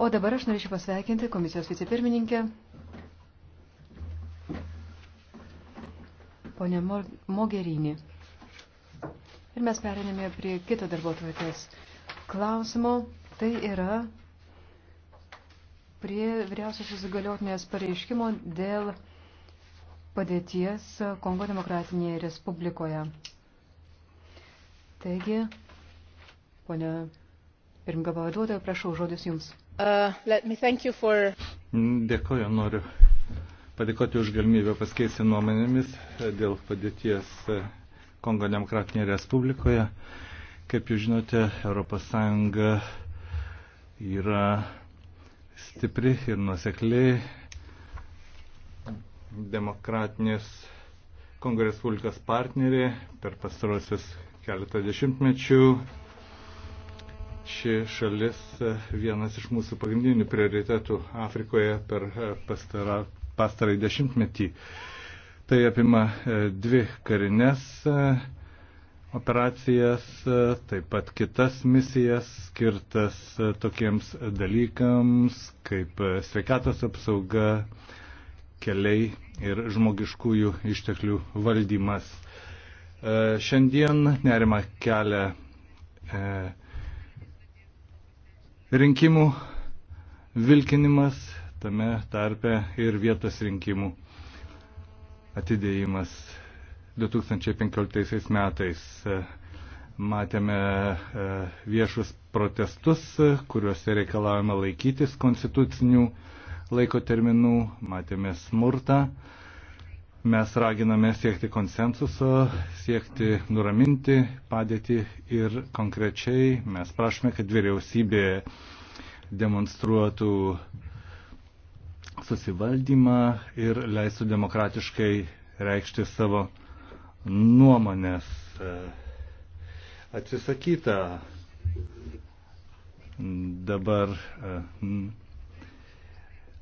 O dabar aš norėčiau pasveikinti komisijos vicepirmininkę. Pone Mogerinį. Ir mes perėmėme prie kito darbo tvarkės klausimo. Tai yra prie vyriausiosios įgaliotinės pareiškimo dėl padėties Kongo demokratinėje respublikoje. Taigi, ponia pirmga pavaduotoja, prašau žodis jums. Uh, for... Dėkoju, noriu padėkoti už galimybę paskeisti nuomonėmis dėl padėties uh, Kongo Demokratinėje Respublikoje. Kaip jūs žinote, ES yra stipri ir nusekliai demokratinės Kongo Respublikos partnerė per pastarosius keletą dešimtmečių ši šalis e, vienas iš mūsų pagrindinių prioritetų Afrikoje per e, pastarą, pastarąjį dešimtmetį. Tai apima e, dvi karines operacijas, taip pat kitas misijas skirtas tokiems dalykams kaip sveikatos apsauga, keliai ir žmogiškųjų išteklių valdymas. Šiandien nerima kelia rinkimų vilkinimas, tame tarpe ir vietos rinkimų atidėjimas 2015 metais. E, matėme e, viešus protestus, e, kuriuose reikalavome laikytis konstitucinių laiko terminų, matėme smurtą, Mes raginame siekti konsensuso, siekti nuraminti padėtį ir konkrečiai mes prašome, kad vyriausybė demonstruotų susivaldymą ir leistų demokratiškai reikšti savo nuomonės. E, Atsisakyta dabar e,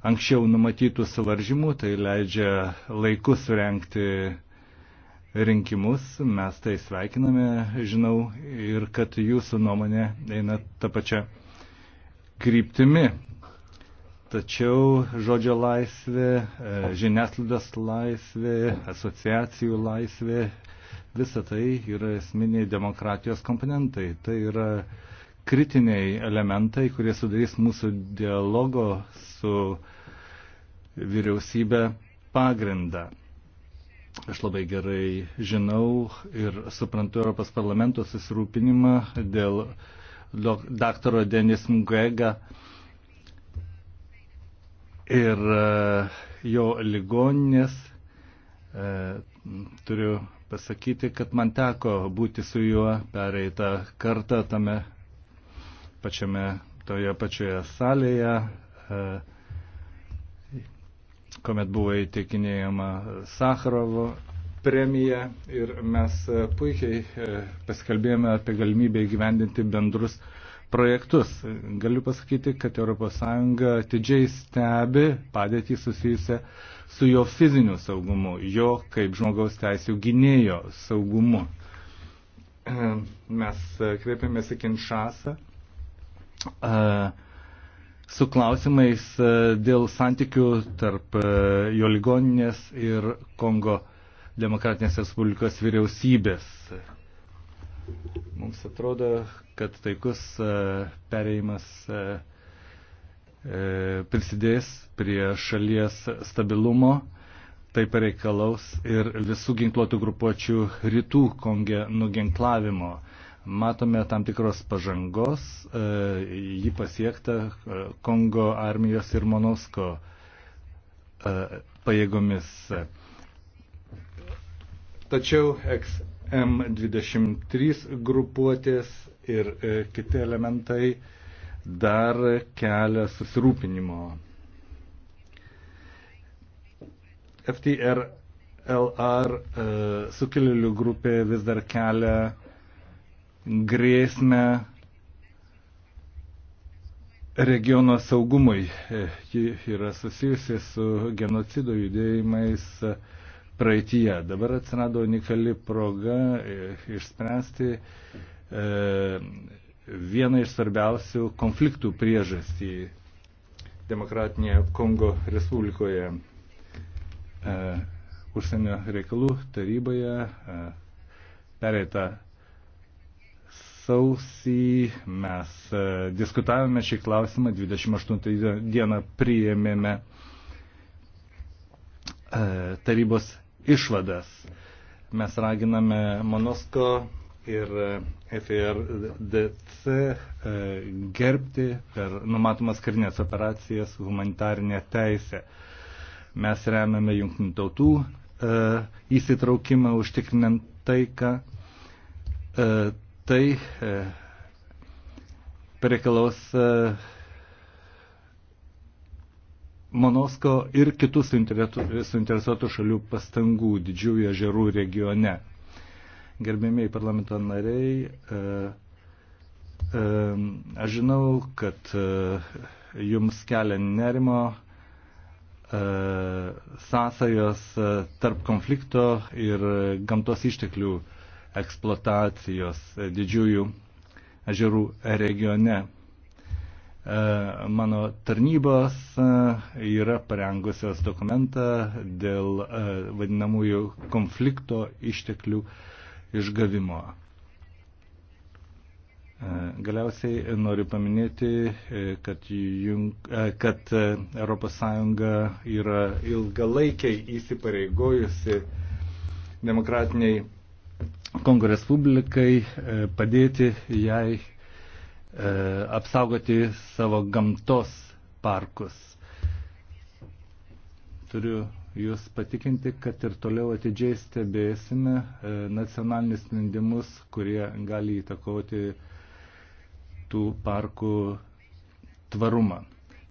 anksčiau numatytų suvaržymų, tai leidžia laiku surenkti rinkimus, mes tai sveikiname, žinau, ir kad jūsų nuomonė eina tą pačią kryptimi. Tačiau žodžio laisvė, e, žiniasklaidos laisvė, asociacijų laisvė, visa tai yra esminiai demokratijos komponentai. Tai yra uh, kritiniai elementai, kurie sudarys mūsų dialogo su vyriausybė pagrindą. Aš labai gerai žinau ir suprantu Europos parlamento susirūpinimą dėl daktaro Denis Mugega ir e, jo ligoninės. E, turiu pasakyti, kad man teko būti su juo pereitą kartą tame pačiame toje pačioje salėje, e, kuomet buvo įteikinėjama Sakarovo premija ir mes e, puikiai e, paskalbėjome apie galimybę įgyvendinti bendrus projektus. Galiu pasakyti, kad ES atidžiai stebi padėtį susijusią su jo fiziniu saugumu, jo kaip žmogaus teisų gynėjo saugumu. Mes kreipiamės į Kinšasą su klausimais dėl santykių tarp jo ligoninės ir Kongo Demokratinės Respublikos vyriausybės. Mums atrodo, kad taikus pereimas e, prisidės prie šalies stabilumo, tai pareikalaus ir visų ginkluotų grupuočių rytų Konge nuginklavimo matome tam tikros pažangos, e, jį pasiektą e, Kongo armijos ir Monosko e, pajėgomis. Tačiau XM23 grupuotės ir kiti elementai dar kelia susirūpinimo. FTRLR sukilėlių grupė vis dar kelia grėsmę regiono saugumui. Ji yra susijusi su genocido judėjimais praeitie. Dabar atsirado unikali proga išspręsti e, vieną iš svarbiausių konfliktų priežastį Demokratinėje Kongo Respublikoje. E, užsienio reikalų taryboje e, pereitą sausį mes e, diskutavome šį klausimą, 28 dieną priėmėme e, tarybos išvadas. Mes raginame Monosko ir e, FRDC gerbti per numatomas karinės operacijas humanitarinę teisę. Mes remiame jungtinių tautų įsitraukimą užtikrinant taiką tai e, pareikalaus e, Monosko ir kitų suinteresuotų šalių pastangų didžiųjų ežerų regione. Gerbėmiai parlamento nariai, e, aš žinau, kad jums kelia nerimo sąsajos tarp konflikto ir gamtos išteklių eksploatacijos didžiųjų ežerų regione. E, mano tarnybos e, yra parengusios dokumentą dėl e, vadinamųjų konflikto išteklių išgavimo. Galiausiai noriu paminėti, kad, jung, kad ES yra ilgalaikiai įsipareigojusi demokratiniai Kongo Respublikai, e, padėti jai e, apsaugoti savo gamtos parkus. Turiu Jūs patikinti, kad ir toliau atidžiai stebėsime e, nacionalinius sprendimus, kurie gali įtakoti tų parkų tvarumą.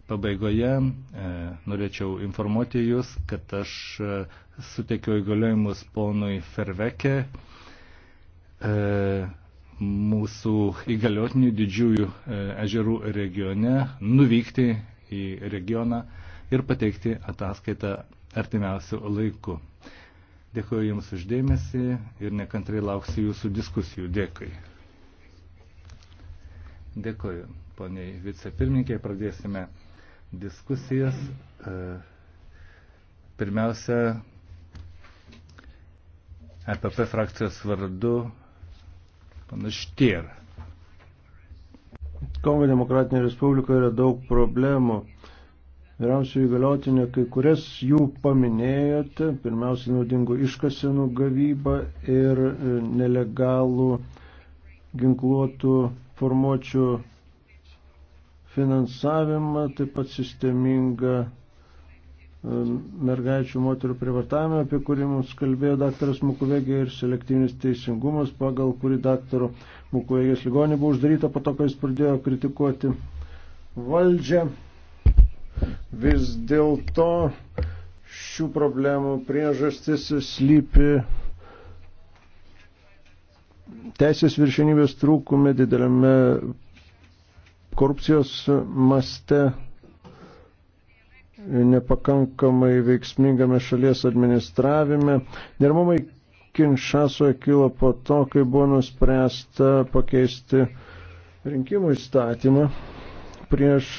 Pabaigoje e, norėčiau informuoti Jūs, kad aš e, suteikiau įgaliojimus ponui Ferveke, E, mūsų įgaliotinių didžiųjų e, ežerų regione nuvykti į regioną ir pateikti ataskaitą artimiausių laikų. Dėkuoju Jums uždėmesi ir nekantrai lauksiu Jūsų diskusijų. Dėkui. Dėkuoju, poniai vicepirmininkiai. Pradėsime diskusijas. E, pirmiausia, EPP frakcijos vardu panas Štier. Kongo Demokratinė Respublika yra daug problemų. Vyriausių įgaliotinė, kai kurias jų paminėjote, pirmiausia naudingų iškasenų gavybą ir e, nelegalų ginkluotų formuočių finansavimą, taip pat sistemingą mergaičių moterų privartavimą, apie kurį mums kalbėjo daktaras Mukuvegė ir selektyvinis teisingumas, pagal kurį daktaro Mukuvegės ligonė buvo uždaryta po to, kai jis pradėjo kritikuoti valdžią. Vis dėlto šių problemų priežastis slypi teisės viršenybės trūkume, dideliame korupcijos maste nepakankamai veiksmingame šalies administravime. Nermumai Kinšasoje kilo po to, kai buvo nuspręsta pakeisti rinkimų įstatymą prieš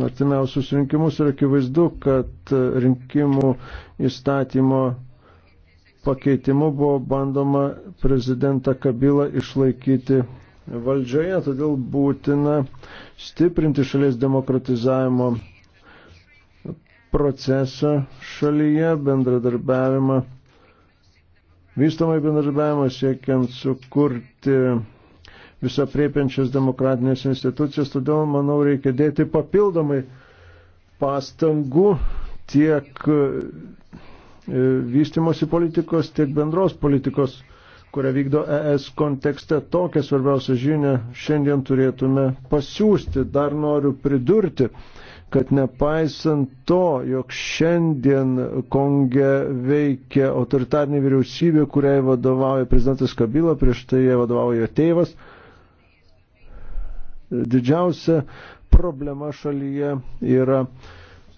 artimiausius rinkimus ir akivaizdu, kad rinkimų įstatymo pakeitimu buvo bandoma prezidentą Kabilą išlaikyti valdžioje, todėl būtina stiprinti šalies demokratizavimo procesą šalyje, bendradarbiavimą, vystomai bendradarbiavimą siekiant sukurti visą priepiančias demokratinės institucijas, todėl, manau, reikia dėti papildomai pastangų tiek e, vystimosi politikos, tiek bendros politikos, kurią vykdo ES kontekste. Tokią svarbiausią žinią šiandien turėtume pasiūsti. Dar noriu pridurti, kad nepaisant to, jog šiandien Konge veikia autoritarnė vyriausybė, kuriai vadovauja prezidentas Kabila, prieš tai jie vadovauja jo tėvas, didžiausia problema šalyje yra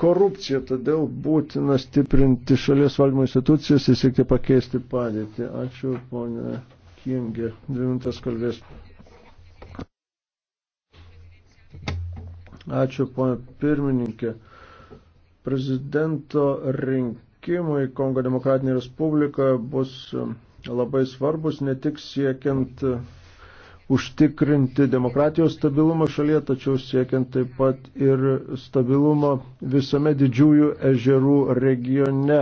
korupcija, todėl būtina stiprinti šalies valdymo institucijas ir siekti pakeisti padėtį. Ačiū, ponė Kingė. Dvi minutės kalbės. Ačiū, ponė pirmininkė. Prezidento rinkimai Kongo Demokratinė Respublika bus um, labai svarbus ne tik siekiant uh, užtikrinti demokratijos stabilumą šalyje, tačiau siekiant taip pat ir stabilumo visame didžiųjų ežerų regione.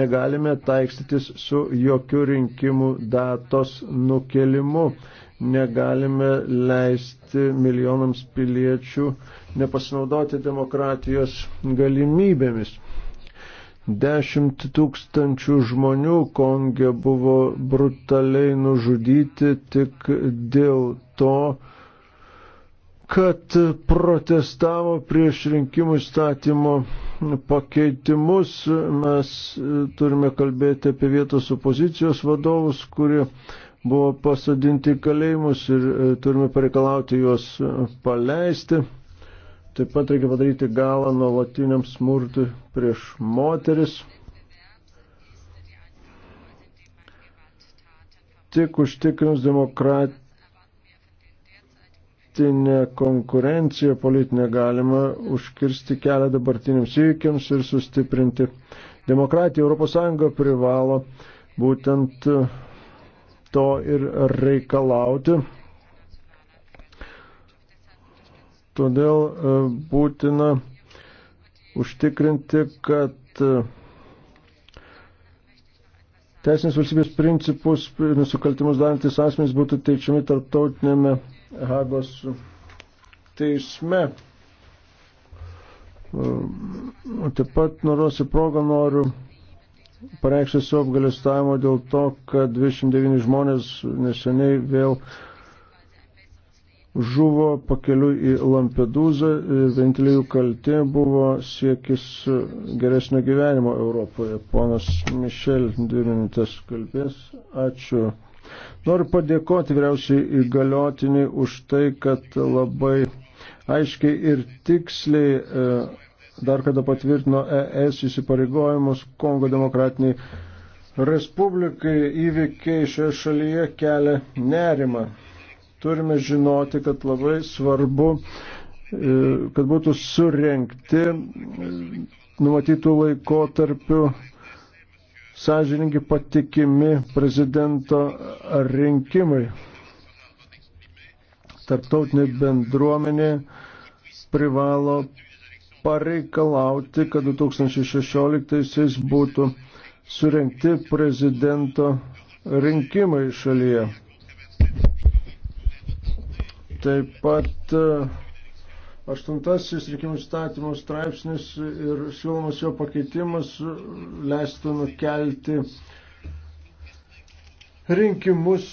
Negalime taikstytis su jokių rinkimų datos nukelimu negalime leisti milijonams piliečių nepasinaudoti demokratijos galimybėmis. Dešimt tūkstančių žmonių Kongė buvo brutaliai nužudyti tik dėl to, kad protestavo prieš rinkimų įstatymo pakeitimus. Mes turime kalbėti apie vietos opozicijos vadovus, kurie buvo pasodinti į kalėjimus ir e, turime pareikalauti juos e, paleisti. Taip pat reikia padaryti galą nuolatiniam smurtui prieš moteris. Tik užtikrins demokratinę konkurenciją politinę galima užkirsti kelią dabartiniams įvykiams ir sustiprinti demokratiją. ES privalo būtent to ir reikalauti. Todėl e, būtina užtikrinti, kad e, teisinės valstybės principus nusikaltimus darantis asmenys būtų teičiami tarptautinėme Hagos teisme. O e, taip pat norosiu progą noriu pareikšti savo apgalestavimo dėl to, kad 29 žmonės neseniai vėl žuvo pakeliu į Lampedūzą ir vienintelė jų kaltė buvo siekis geresnio gyvenimo Europoje. Ponas Mišel, dvi minutės kalbės. Ačiū. Noriu padėkoti vyriausiai įgaliotinį už tai, kad labai aiškiai ir tiksliai e, dar kada patvirtino ES įsipareigojimus Kongo demokratiniai Respublikai įvykiai šioje šalyje kelia nerimą. Turime žinoti, kad labai svarbu, e, kad būtų surenkti e, numatytų laikotarpių sąžininkai patikimi prezidento rinkimai. Tarptautinė bendruomenė privalo pareikalauti, kad 2016-aisiais būtų surenkti prezidento rinkimai šalyje. Taip pat e, aštuntasis rinkimų statymo straipsnis ir siūlomas jo pakeitimas leistų nukelti rinkimus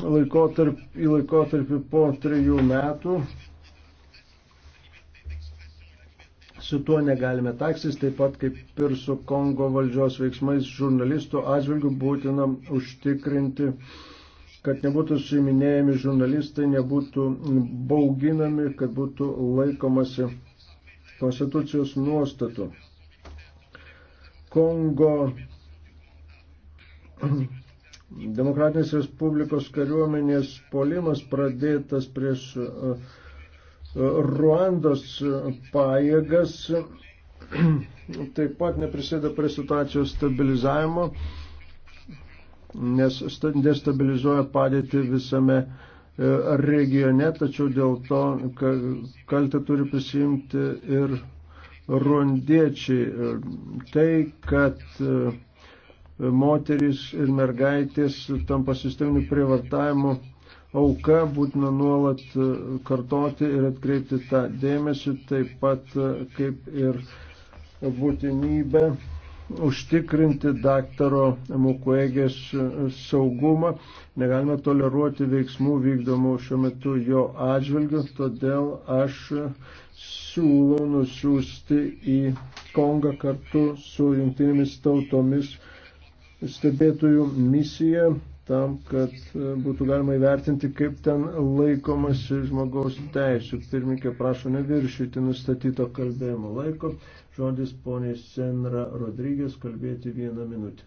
laikotarp, į laikotarpį po trijų metų Su tuo negalime taksis, taip pat kaip ir su Kongo valdžios veiksmais žurnalistų atžvilgių būtina užtikrinti, kad nebūtų suiminėjami žurnalistai, nebūtų bauginami, kad būtų laikomasi konstitucijos nuostatų. Kongo Demokratinės Respublikos kariuomenės polimas pradėtas prieš uh, Ruandos pajėgas taip pat neprisėda prie situacijos stabilizavimo, nes destabilizuoja padėtį visame e, regione, tačiau dėl to kaltę turi prisimti ir rondiečiai. Tai, kad e, moteris ir mergaitės tampa sisteminiu prievartavimu auka, būtina nuolat e, kartoti ir atkreipti tą dėmesį, taip pat e, kaip ir būtinybę užtikrinti daktaro Mukwegės e, saugumą. Negalime toleruoti veiksmų vykdomų šiuo metu jo atžvilgiu, todėl aš siūlau nusiųsti į Kongą kartu su jungtinėmis tautomis stebėtojų misiją tam, kad e, būtų galima įvertinti, kaip ten laikomasi žmogaus teisų. Pirminkė prašo neviršyti nustatyto kalbėjimo laiko. Žodis ponė Senra Rodrygės kalbėti vieną minutę.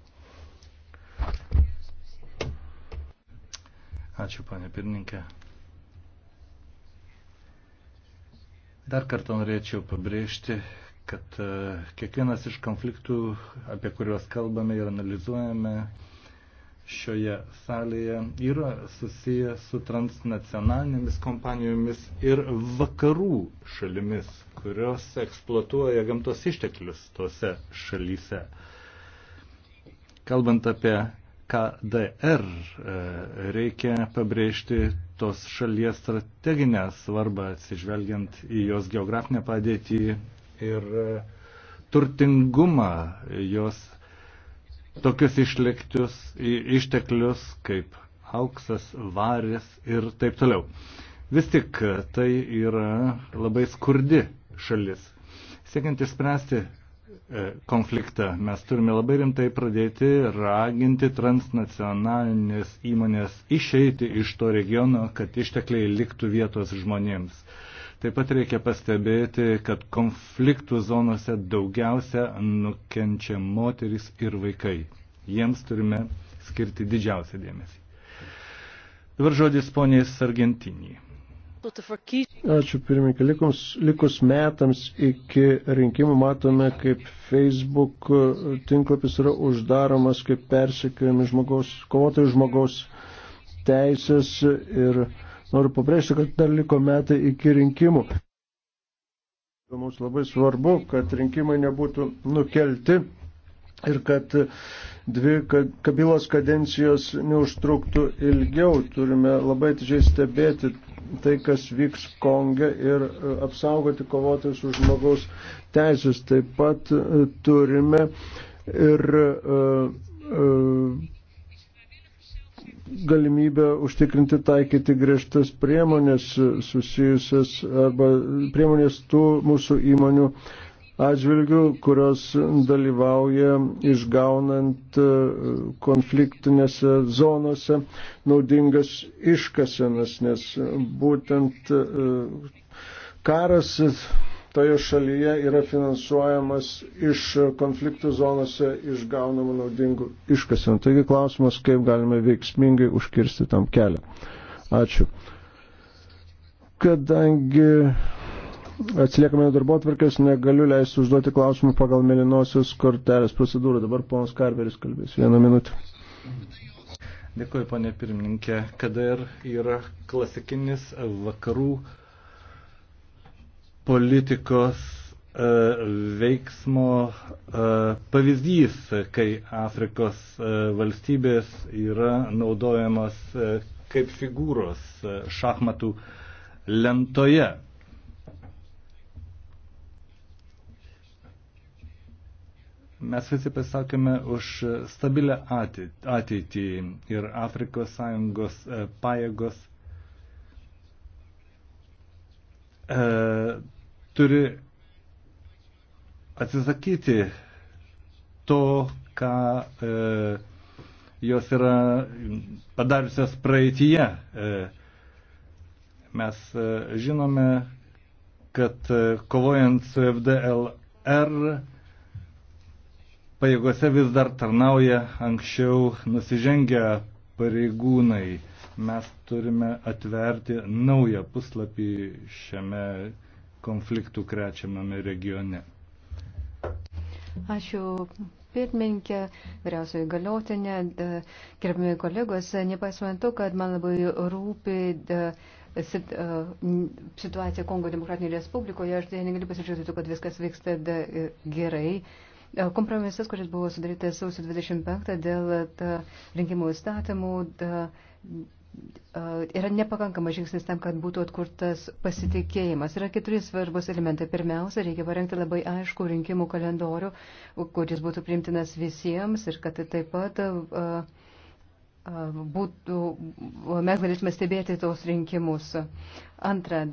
Ačiū, panė pirmininkė. Dar kartą norėčiau pabrėžti, kad e, kiekvienas iš konfliktų, apie kuriuos kalbame ir analizuojame, šioje salėje yra susiję su transnacionalinėmis kompanijomis ir vakarų šalimis, kurios eksploatuoja gamtos išteklius tose šalyse. Kalbant apie KDR, e, reikia pabrėžti tos šalies strateginę svarbą atsižvelgiant į jos geografinę padėtį ir e, turtingumą jos tokius išliktius, išteklius kaip auksas, varis ir taip toliau. Vis tik tai yra labai skurdi šalis. Siekiant išspręsti e, konfliktą mes turime labai rimtai pradėti raginti transnacionalinės įmonės išeiti iš to regiono, kad ištekliai liktų vietos žmonėms. Taip pat reikia pastebėti, kad konfliktų zonose daugiausia nukenčia moteris ir vaikai. Jiems turime skirti didžiausią dėmesį. Dabar žodis ponės Argentinijai. Ačiū pirmininkai. Likus, likus metams iki rinkimų matome, kaip Facebook tinklapis yra uždaromas, kaip persikėjami žmogaus, kovotojų žmogaus teisės ir uh, Noriu pabrėžti, kad dar liko metai iki rinkimų. Mums labai svarbu, kad rinkimai nebūtų nukelti ir kad dvi kabilos kadencijos neužtruktų ilgiau. Turime labai atidžiai stebėti tai, kas vyks Konge ir e, apsaugoti kovotojus už žmogaus teisės. Taip pat e, turime ir uh, uh, galimybę užtikrinti taikyti griežtas priemonės susijusias arba priemonės tų mūsų įmonių atžvilgių, kurios dalyvauja išgaunant e, konfliktinėse zonose naudingas iškasenas, nes būtent e, karas toje šalyje yra finansuojamas iš konfliktų zonose išgaunamų naudingų iškasenų. Taigi klausimas, kaip galime veiksmingai užkirsti tam kelią. Ačiū. Kadangi atsiliekame nuo darbo atvarkės, negaliu leisti užduoti klausimų pagal mėlynosios kortelės procedūrą. Dabar ponas Karveris kalbės. Vieną minutę. Dėkuoju, ponė pirmininkė. KDR yra klasikinis vakarų politikos e, veiksmo e, pavyzdys, kai Afrikos e, valstybės yra naudojamos kaip figūros šachmatų lentoje. Mes visi pasakėme už stabilę ateitį ir Afrikos sąjungos pajėgos turi atsisakyti to, ką e, jos yra padariusios praeitie. E, mes e, žinome, kad e, kovojant su FDLR pajėgose vis dar tarnauja anksčiau nusižengę pareigūnai. Mes turime atverti naują puslapį šiame konfliktų krečiamame regione. Ačiū pirmininkė, vyriausioji galiotinė, gerbimi kolegos, nepaisant to, kad man labai rūpi situacija Kongo Demokratinėje Respublikoje, aš tai negaliu pasižiūrėti, kad viskas vyksta gerai. Kompromisas, kuris buvo sudarytas sausio 25 dėl rinkimų įstatymų, yra nepakankamas žingsnis tam, kad būtų atkurtas pasitikėjimas. Yra keturi svarbus elementai. Pirmiausia, reikia parengti labai aišku rinkimų kalendorių, kuris būtų priimtinas visiems ir kad taip pat būtų, mes galėtume stebėti tos rinkimus. Antra,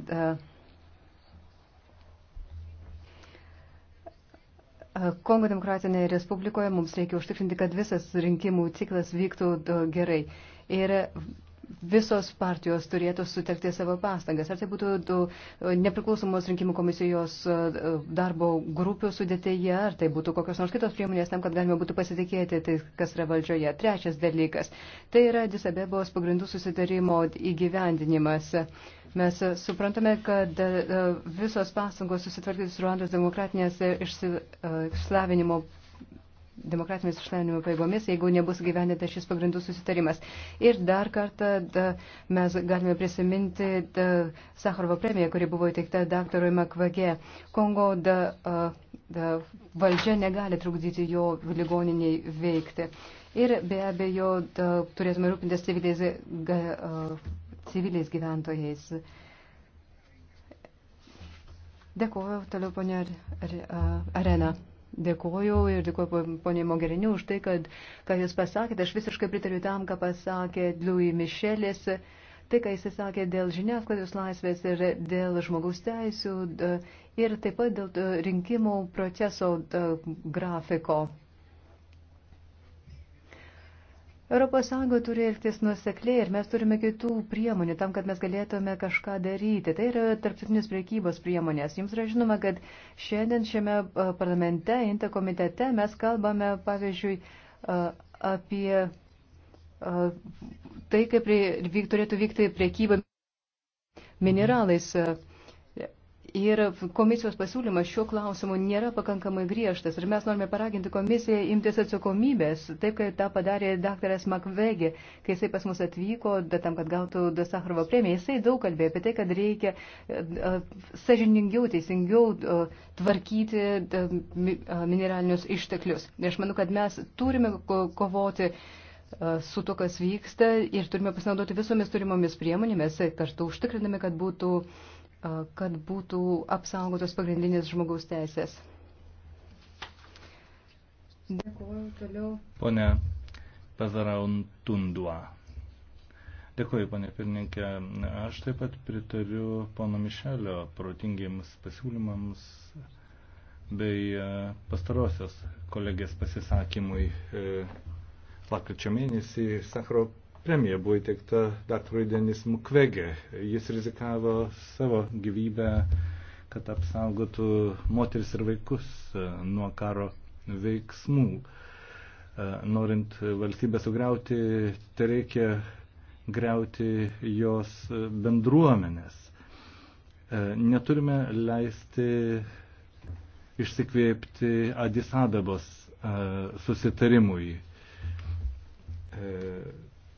Kongo demokratinėje Respublikoje mums reikia užtikrinti, kad visas rinkimų ciklas vyktų gerai. Ir visos partijos turėtų sutelkti savo pastangas. Ar tai būtų e, nepriklausomos rinkimų komisijos e, darbo grupių sudėtėje, ar tai būtų kokios nors kitos priemonės tam, kad galima būtų pasitikėti, tai kas yra valdžioje. Trečias dalykas - tai yra Disabebos pagrindų susitarimo įgyvendinimas. Mes suprantame, kad e, visos pastangos susitvarkyti su Ruandos demokratinės išsilavinimo demokratinėmis išlavinimo paėgomis, jeigu nebus gyveninta šis pagrindų susitarimas. Ir dar kartą da, mes galime prisiminti da, Sakharovo premiją, kuri buvo įteikta daktarui Makvage. Kongo da, da, valdžia negali trukdyti jo ligoniniai veikti. Ir be abejo da, turėtume rūpintis civiliais, ga, civiliais gyventojais. Dėkuoju, toliau ponia Arena. Ar, ar, ar, ar, ar, ar, ar, ar, Dėkuoju ir dėkuoju ponė Mogherini už tai, kad, ką jūs pasakėte. Aš visiškai pritariu tam, ką pasakė Louis Michelis. Tai, ką jis sakė dėl žiniasklaidos laisvės ir dėl žmogaus teisų e, ir taip pat dėl e, rinkimų proceso e, grafiko. ES turi elgtis nusekliai ir mes turime kitų priemonių tam, kad mes galėtume kažką daryti. Tai yra tarptautinės priekybos priemonės. Jums yra žinoma, kad šiandien šiame parlamente, INTA komitete mes kalbame, pavyzdžiui, apie tai, kaip vyk, turėtų vykti priekyba mineralais. Ir komisijos pasiūlymas šiuo klausimu nėra pakankamai griežtas. Ir mes norime paraginti komisiją imtis atsakomybės, taip kaip tą padarė daktaras Makvegi, kai jisai pas mus atvyko, tam, kad gautų Sakharovo premiją. Jisai daug kalbėjo apie tai, kad reikia e, e, sažiningiau, teisingiau e, tvarkyti mineralinius išteklius. Ir aš manau, kad mes turime kovoti su to, kas vyksta ir turime pasinaudoti visomis turimomis priemonėmis, kartu užtikrinami, kad būtų uh, kad būtų apsaugotos pagrindinės žmogaus teisės. Dėkuoju toliau. Pone Pazarautundua. Dėkuoju, ponė pirmininkė. Aš taip pat pritariu pono Mišelio protingiems pasiūlymams bei e, pastarosios kolegės pasisakymui e, lapkričio mėnesį Sakro Premija buvo įteikta daktarui Denis Mukwege. Jis rizikavo savo gyvybę, kad apsaugotų moteris ir vaikus e, nuo karo veiksmų. E, norint valstybę sugriauti, tai reikia greuti jos bendruomenės. E, neturime leisti išsikvėpti Adis Abebos susitarimui.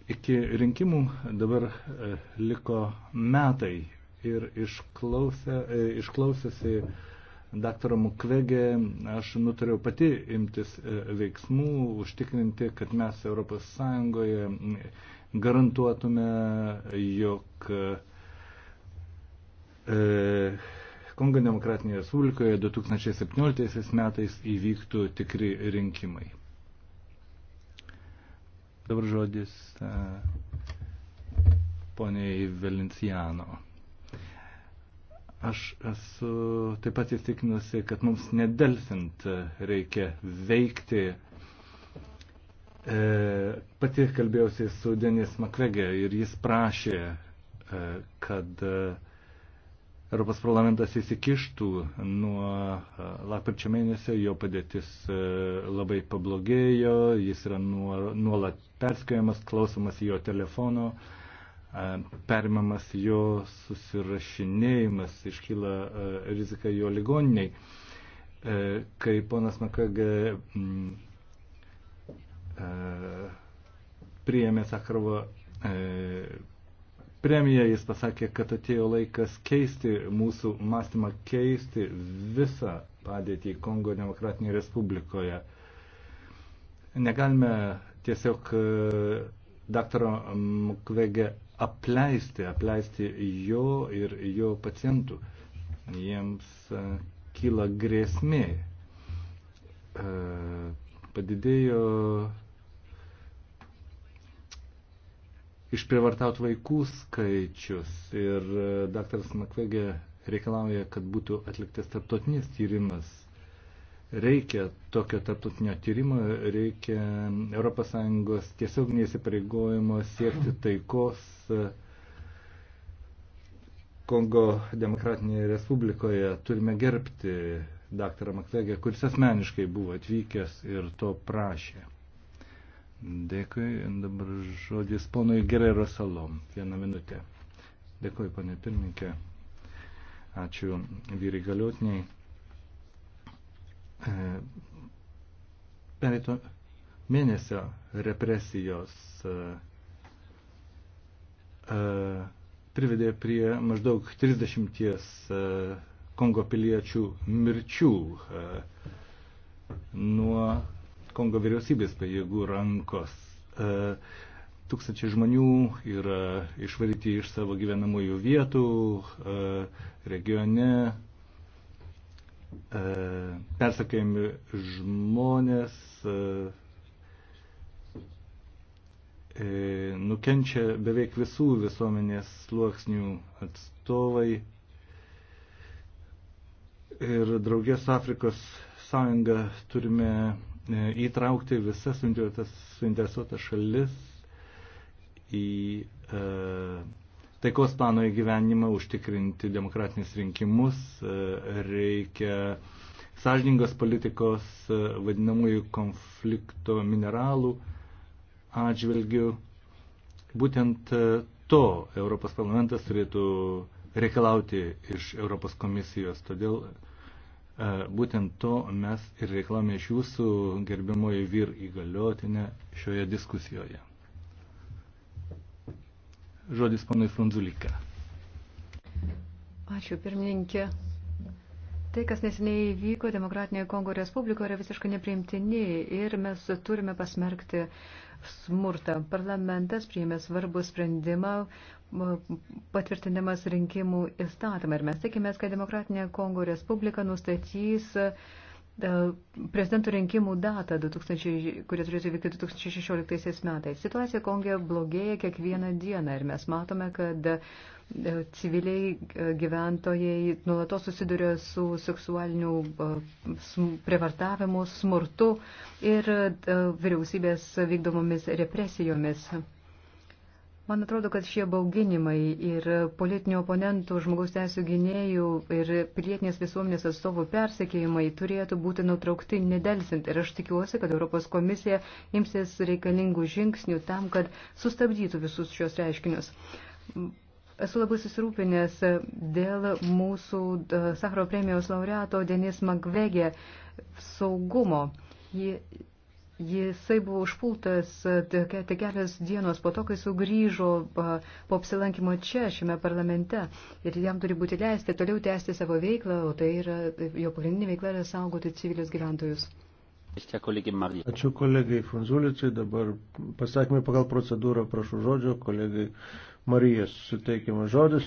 Iki rinkimų dabar e, liko metai ir išklausę, e, išklausėsi daktaro Mukvegė, aš nutariau pati imtis e, veiksmų, užtikrinti, kad mes ES garantuotume, jog Kongo Demokratinėje Respublikoje 2017 metais įvyktų tikri rinkimai. Dabar žodis e, poniai Valenciano. Aš esu taip pat įstikinusi, kad mums nedelsint reikia veikti. E, pati kalbėjausi su Denis Makvegė ir jis prašė, e, kad e, Europos parlamentas įsikištų nuo e, lapkričio mėnesio, jo padėtis e, labai pablogėjo, jis yra nuolat perskėjamas, klausomas jo telefono, e, perimamas jo susirašinėjimas, iškyla rizika jo ligoniniai. Kai ponas Makagė mm, priėmė Sakrovo premiją, jis pasakė, kad atėjo laikas keisti mūsų mąstymą, keisti visą padėtį Kongo Demokratinėje Respublikoje. Negalime tiesiog e, daktaro Mukwege apleisti, apleisti jo ir jo pacientų. Jiems e, kyla grėsmė. E, padidėjo išprivartautų vaikų skaičius. Ir e, daktaras Makvegė reikalauja, kad būtų atliktas tarptautinis tyrimas. Reikia tokio tarptautinio tyrimo, reikia ES tiesioginį įsipareigojimo siekti taikos e, Kongo Demokratinėje Respublikoje. Turime gerbti daktarą Makvegę, kuris asmeniškai buvo atvykęs ir to prašė. Dėkui. Dabar žodis ponui Gerero Salom. Vieną minutę. Dėkui, ponė pirmininkė. Ačiū vyrai galiotiniai. E, pereito mėnesio represijos e, e, privedė prie maždaug 30 Kongo piliečių mirčių nuo Kongo vyriausybės pajėgų rankos. E, tūkstančiai žmonių yra išvaryti iš savo gyvenamųjų vietų e, regione, e, persakiami žmonės, nukenčia beveik visų visuomenės sluoksnių atstovai ir draugės Afrikos sąjunga turime E, įtraukti visas suinteresuotas šalis į e, taikos plano įgyvenimą, užtikrinti demokratinius rinkimus, e, reikia sąžiningos politikos e, vadinamųjų konflikto mineralų atžvilgių. Būtent e, to Europos parlamentas turėtų reikalauti iš Europos komisijos. Todėl E, būtent to mes ir reiklame iš jūsų, gerbiamoji vyr įgaliotinė, šioje diskusijoje. Žodis ponui Frunzulika. Ačiū, pirmininkė. Tai, kas nesiniai įvyko Demokratinėje Kongo Respublikoje, yra visiškai nepriimtini ir mes turime pasmerkti smurtą. Parlamentas priėmė svarbų sprendimą patvirtinamas rinkimų įstatymą ir mes tikimės, kad Demokratinė Kongo Respublika nustatys e, prezidento rinkimų datą, 2000, kurie turėtų vykti 2016 metais. Situacija Kongė blogėja kiekvieną dieną ir mes matome, kad E, civiliai e, gyventojai nuolatos susiduria su seksualiniu e, prievartavimu, smurtu ir vyriausybės vykdomomis represijomis. Man atrodo, kad šie bauginimai ir politinių oponentų, žmogaus teisų gynėjų ir pilietinės visuomenės atstovų persekėjimai turėtų būti nutraukti nedelsint. Ir aš tikiuosi, kad Europos komisija imsis reikalingų žingsnių tam, kad sustabdytų visus šios reiškinius. Esu labai susirūpinęs dėl mūsų e, Sakro premijos laureato Denis Magvegė saugumo. Jisai buvo užpultas e, tik kelias dienos po to, kai sugrįžo e, po apsilankimo čia, šiame parlamente. Ir jam turi būti leisti toliau tęsti savo veiklą, o tai yra, jo pagrindinė veikla yra saugoti civilius gyventojus. Ačiū kolegai Funzulicijai, dabar pasakymai pagal procedūrą, prašau žodžio, kolegai Marijas suteikiamas žodis.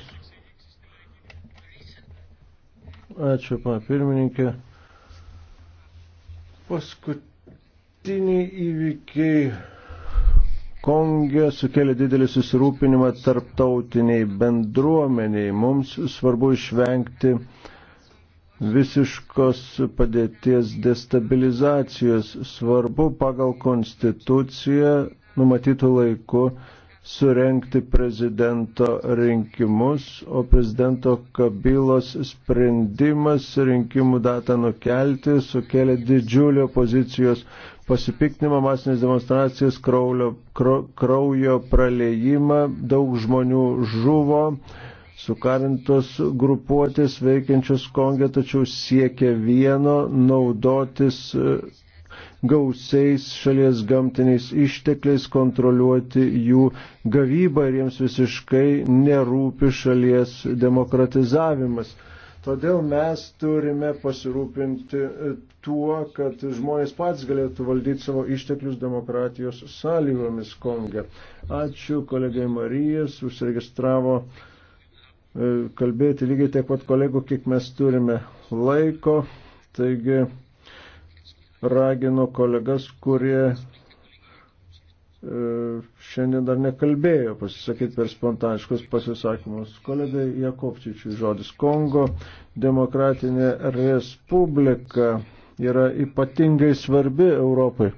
Ačiū, pana pirmininkė. Paskutiniai įvykiai Konge sukėlė didelį susirūpinimą tarptautiniai bendruomeniai. Mums svarbu išvengti visiškos padėties destabilizacijos. Svarbu pagal konstituciją numatytų laiku surenkti prezidento rinkimus, o prezidento kabylos sprendimas rinkimų datą nukelti sukėlė didžiulio pozicijos pasipiktinimą, masinės demonstracijas, kraulio, kraujo praleimą, daug žmonių žuvo, sukarintos grupuotės veikiančios Kongė, tačiau siekia vieno naudotis gausiais šalies gamtiniais ištekliais, kontroliuoti jų gavybą ir jiems visiškai nerūpi šalies demokratizavimas. Todėl mes turime pasirūpinti e, tuo, kad žmonės pats galėtų valdyti savo išteklius demokratijos sąlygomis Konge. Ačiū kolegai Marijas, užsiregistravo e, kalbėti lygiai tiek pat kolegų, kiek mes turime laiko. Taigi ragino kolegas, kurie e, šiandien dar nekalbėjo pasisakyti per spontaniškus pasisakymus. Kolegai Jakovčičiui žodis Kongo demokratinė respublika yra ypatingai svarbi Europai.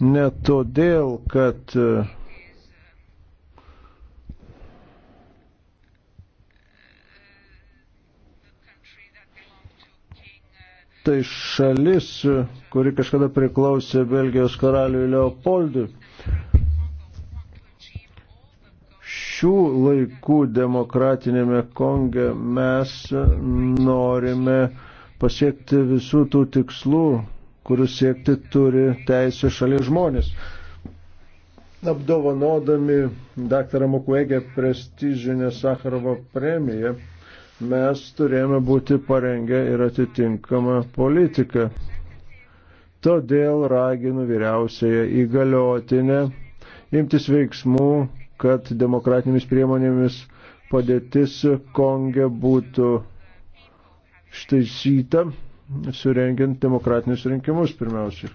Ne todėl, kad e, tai šalis, kuri kažkada priklausė Belgijos karaliui Leopoldui. Šių laikų demokratinėme Konge mes norime pasiekti visų tų tikslų, kurių siekti turi teisė šalies žmonės apdovanodami daktarą Mukwege prestižinę Sakarovo premiją, mes turėjome būti parengę ir atitinkamą politiką. Todėl raginu vyriausiąją įgaliotinę imtis veiksmų, kad demokratinėmis priemonėmis padėtis Konge būtų ištaisyta, surengiant demokratinius rinkimus pirmiausiai.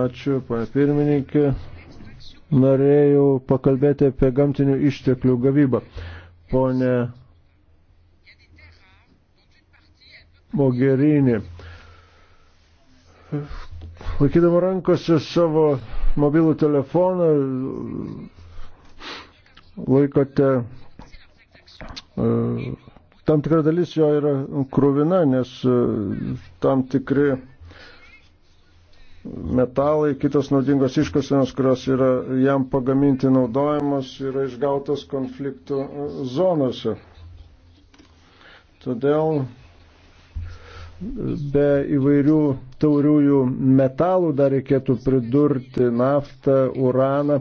Ačiū, pane pirmininkė norėjau pakalbėti apie gamtinių išteklių gavybą. Pone Mogherini, laikydama rankose savo mobilų telefoną, laikote e, tam tikra dalis jo yra krūvina, nes e, tam tikri metalai, kitos naudingos iškasenos, kurios yra jam pagaminti naudojamos, yra išgautos konfliktų zonose. Todėl be įvairių tauriųjų metalų dar reikėtų pridurti naftą, uraną,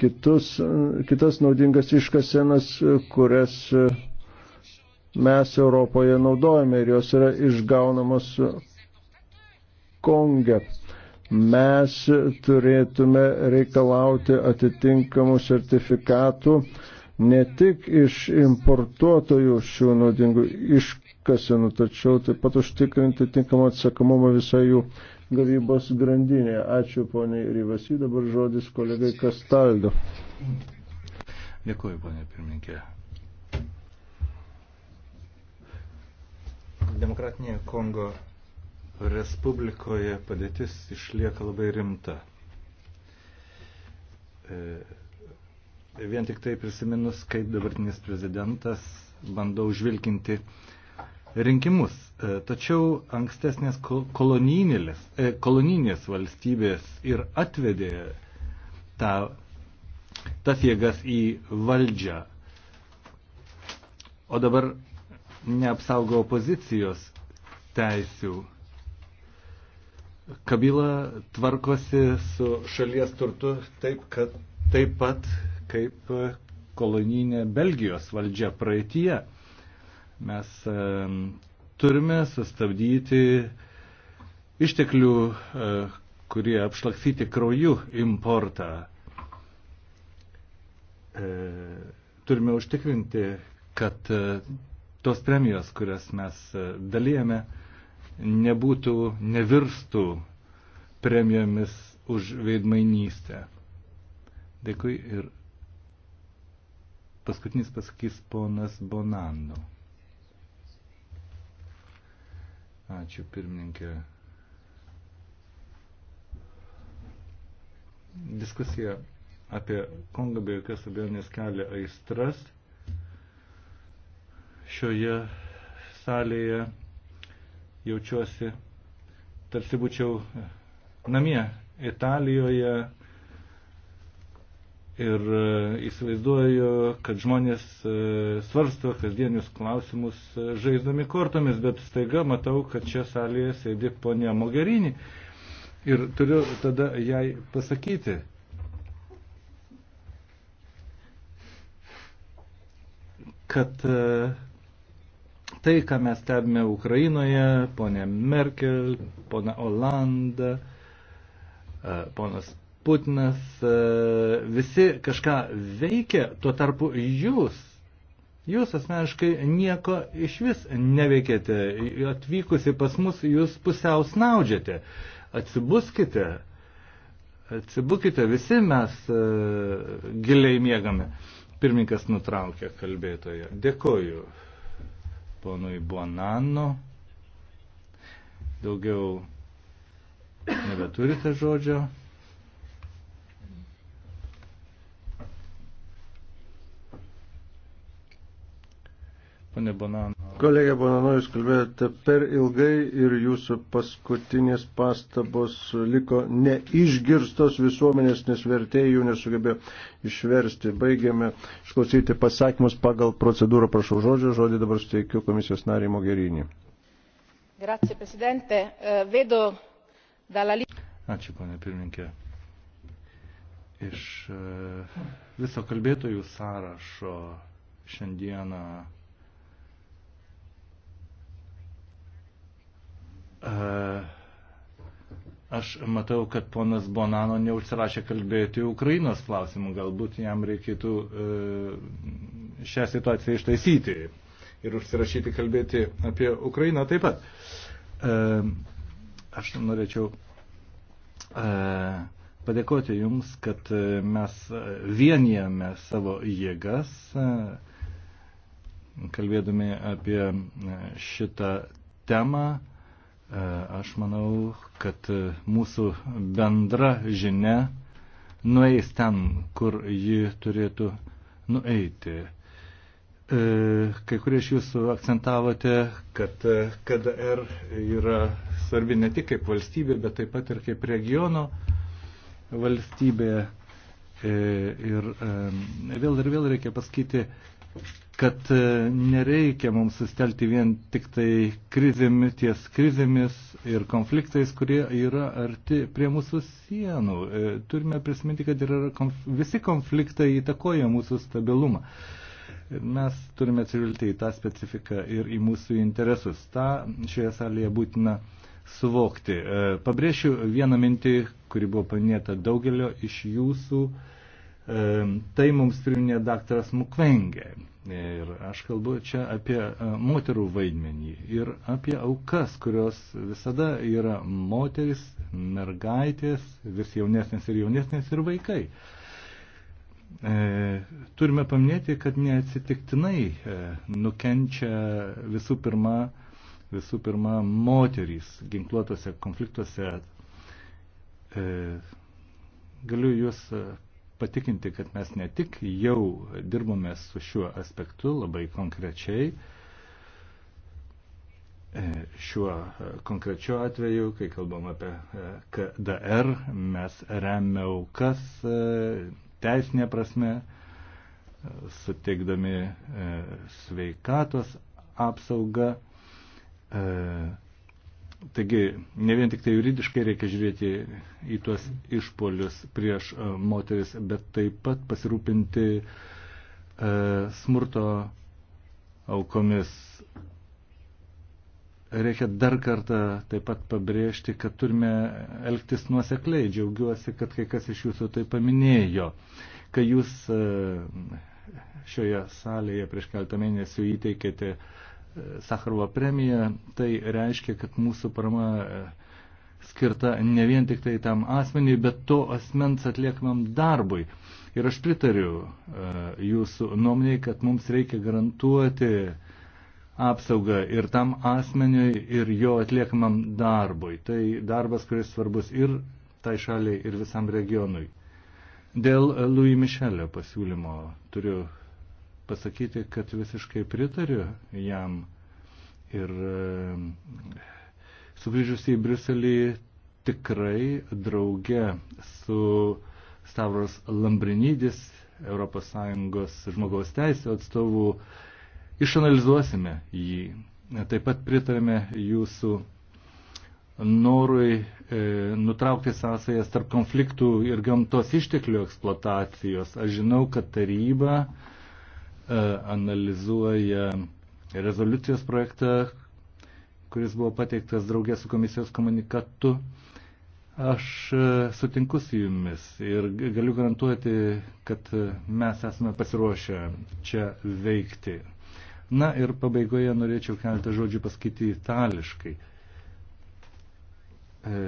kitus, kitas naudingas iškasenas, kurias mes Europoje naudojame ir jos yra išgaunamos Konge mes turėtume reikalauti atitinkamų sertifikatų ne tik iš importuotojų šių naudingų iškasenų, tačiau taip pat užtikrinti tinkamą atsakomumą visai jų gavybos grandinė. Ačiū poniai Ryvasi, dabar žodis kolegai Kastaldo. Dėkuoju, ponė pirmininkė. Demokratinėje Kongo Respublikoje padėtis išlieka labai rimta. E, vien tik tai prisiminus, kaip dabartinis prezidentas bandau žvilginti rinkimus. E, tačiau ankstesnės e, kolonijinės valstybės ir atvedė tą, tas jėgas į valdžią. O dabar neapsaugo opozicijos teisių Kabila tvarkosi su šalies turtu taip, kad taip pat kaip e, kolonijinė Belgijos valdžia praeitie. Mes e, turime sustabdyti išteklių, e, kurie apšlaksyti krauju importą. Turime užtikrinti, kad tos premijos, kurias mes dalyjame, nebūtų, nevirstų premijomis už veidmainystę. Dėkui ir paskutinis pasakys ponas Bonando. Ačiū pirmininkė. Diskusija apie Kongą be jokios abejonės kelia aistras šioje salėje jaučiuosi, tarsi būčiau namie Italijoje ir e, įsivaizduoju, kad žmonės e, svarsto kasdienius klausimus e, žaisdami kortomis, bet staiga matau, kad čia salėje sėdi ponia Mogherini ir turiu tada jai pasakyti. kad uh, Tai, ką mes stebime Ukrainoje, ponė Merkel, pona Olanda, e, ponas Putinas, e, visi kažką veikia, tuo tarpu jūs, jūs asmeniškai nieko iš vis neveikėte. Atvykusi pas mus, jūs pusiau snaudžiate. Atsibuskite, atsibūkite, visi mes e, giliai mėgame. Pirmininkas nutraukė kalbėtoje. Dėkoju ponui Buonanno. Daugiau nebeturite žodžio. Pane Bonano. Kolegė Bonano, jūs kalbėjote per ilgai ir jūsų paskutinės pastabos liko neišgirstos visuomenės, nes vertėjų nesugebėjo išversti. Baigėme išklausyti pasakymus pagal procedūrą, prašau žodžio, žodį dabar suteikiu komisijos nariai Mogerinį. Grazie, prezidente. Eh, vedo dalla... Ačiū, ponė pirmininkė. Iš eh, viso kalbėtojų sąrašo šiandieną E, aš matau, kad ponas Bonano neužsirašė kalbėti Ukrainos klausimų. Galbūt jam reikėtų e, šią situaciją ištaisyti ir užsirašyti kalbėti apie Ukrainą taip pat. E, aš norėčiau padėkoti Jums, kad mes vienijame savo jėgas, kalbėdami apie šitą temą. E, aš manau, kad e, mūsų bendra žinia nueis ten, kur ji turėtų nueiti. E, kai kurie iš jūsų akcentavote, kad KDR yra svarbi ne tik kaip valstybė, bet taip pat ir kaip regiono valstybė. Ir vėl ir vėl reikia pasakyti, kad e, nereikia mums sustelti vien tik tai krizėmis, ties krizėmis ir konfliktais, kurie yra arti prie mūsų sienų. E, turime prisiminti, kad yra konf visi konfliktai įtakoja mūsų stabilumą. E, mes turime atsivilti į tą specifiką ir į mūsų interesus. Ta šioje salėje būtina suvokti. Pabrėšiu vieną mintį, kuri buvo paminėta daugelio iš jūsų. Uh, Tai mums priminė daktaras Mukvengė. Ir aš kalbu čia apie e, moterų vaidmenį ir apie aukas, kurios visada yra moteris, mergaitės, vis jaunesnės ir jaunesnės ir vaikai. E, turime paminėti, kad neatsitiktinai e, nukenčia visų pirma, visų pirma moterys ginkluotose konfliktuose. Galiu jūs patikinti, kad mes ne tik jau dirbome su šiuo aspektu labai konkrečiai, e, šiuo e, konkrečiu atveju, kai kalbam apie e, KDR, mes remia aukas teisinė prasme, suteikdami sveikatos apsaugą Taigi ne vien tik tai juridiškai reikia žiūrėti į tuos išpolius prieš e, moteris, bet taip pat pasirūpinti e, smurto aukomis. Reikia dar kartą taip pat pabrėžti, kad turime elgtis nuosekliai. Džiaugiuosi, kad kai kas iš jūsų tai paminėjo. Kai jūs e, šioje salėje prieš keltą mėnesių įteikėte e, Sakarovo premiją, tai reiškia, kad mūsų parama e, skirta ne vien tik tai tam asmeniui, bet to asmens atliekamam darbui. Ir aš pritariu e, jūsų nuomonėj, kad mums reikia garantuoti apsaugą ir tam asmeniui, ir jo atliekamam darbui. Tai darbas, kuris svarbus ir tai šaliai, ir visam regionui. Dėl Louis Michelio pasiūlymo turiu pasakyti, kad visiškai pritariu jam. Ir e, sugrįžus į Briuselį tikrai drauge su Stavros Lambrinydis, ES žmogaus teisų atstovų, išanalizuosime jį. Taip pat pritarėme jūsų norui e, nutraukti sąsajas tarp konfliktų ir gamtos išteklių eksploatacijos. Aš žinau, kad taryba e, E, analizuoja rezoliucijos projektą, kuris buvo pateiktas draugės su komisijos komunikatu. Aš e, sutinku su jumis ir galiu garantuoti, kad e, mes esame pasiruošę čia veikti. Na ir pabaigoje norėčiau keletą žodžių pasakyti itališkai. E,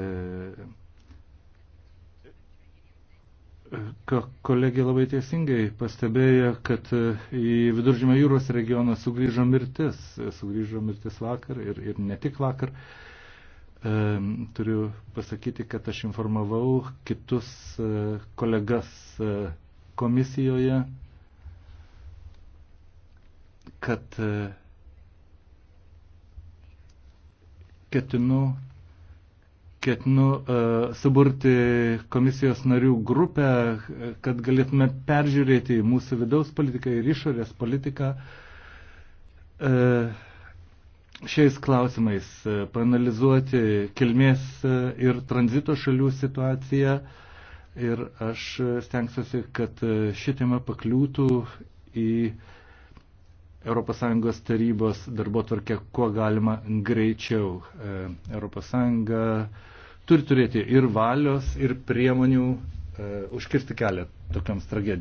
kolegė labai teisingai pastebėjo, kad e, į viduržymę jūros regioną sugrįžo mirtis, sugrįžo mirtis vakar ir, ir ne tik vakar. E, turiu pasakyti, kad aš informavau kitus e, kolegas e, komisijoje, kad ketinu ketinu e, suburti komisijos narių grupę, kad galėtume peržiūrėti mūsų vidaus politiką ir išorės politiką e, šiais klausimais, e, panalizuoti kilmės ir tranzito šalių situaciją. Ir aš stengsiuosi, kad ši tema pakliūtų į ES tarybos darbo tvarkę kuo galima greičiau. ES turi turėti ir valios, ir priemonių e, užkirsti kelią tokiams tragedijoms.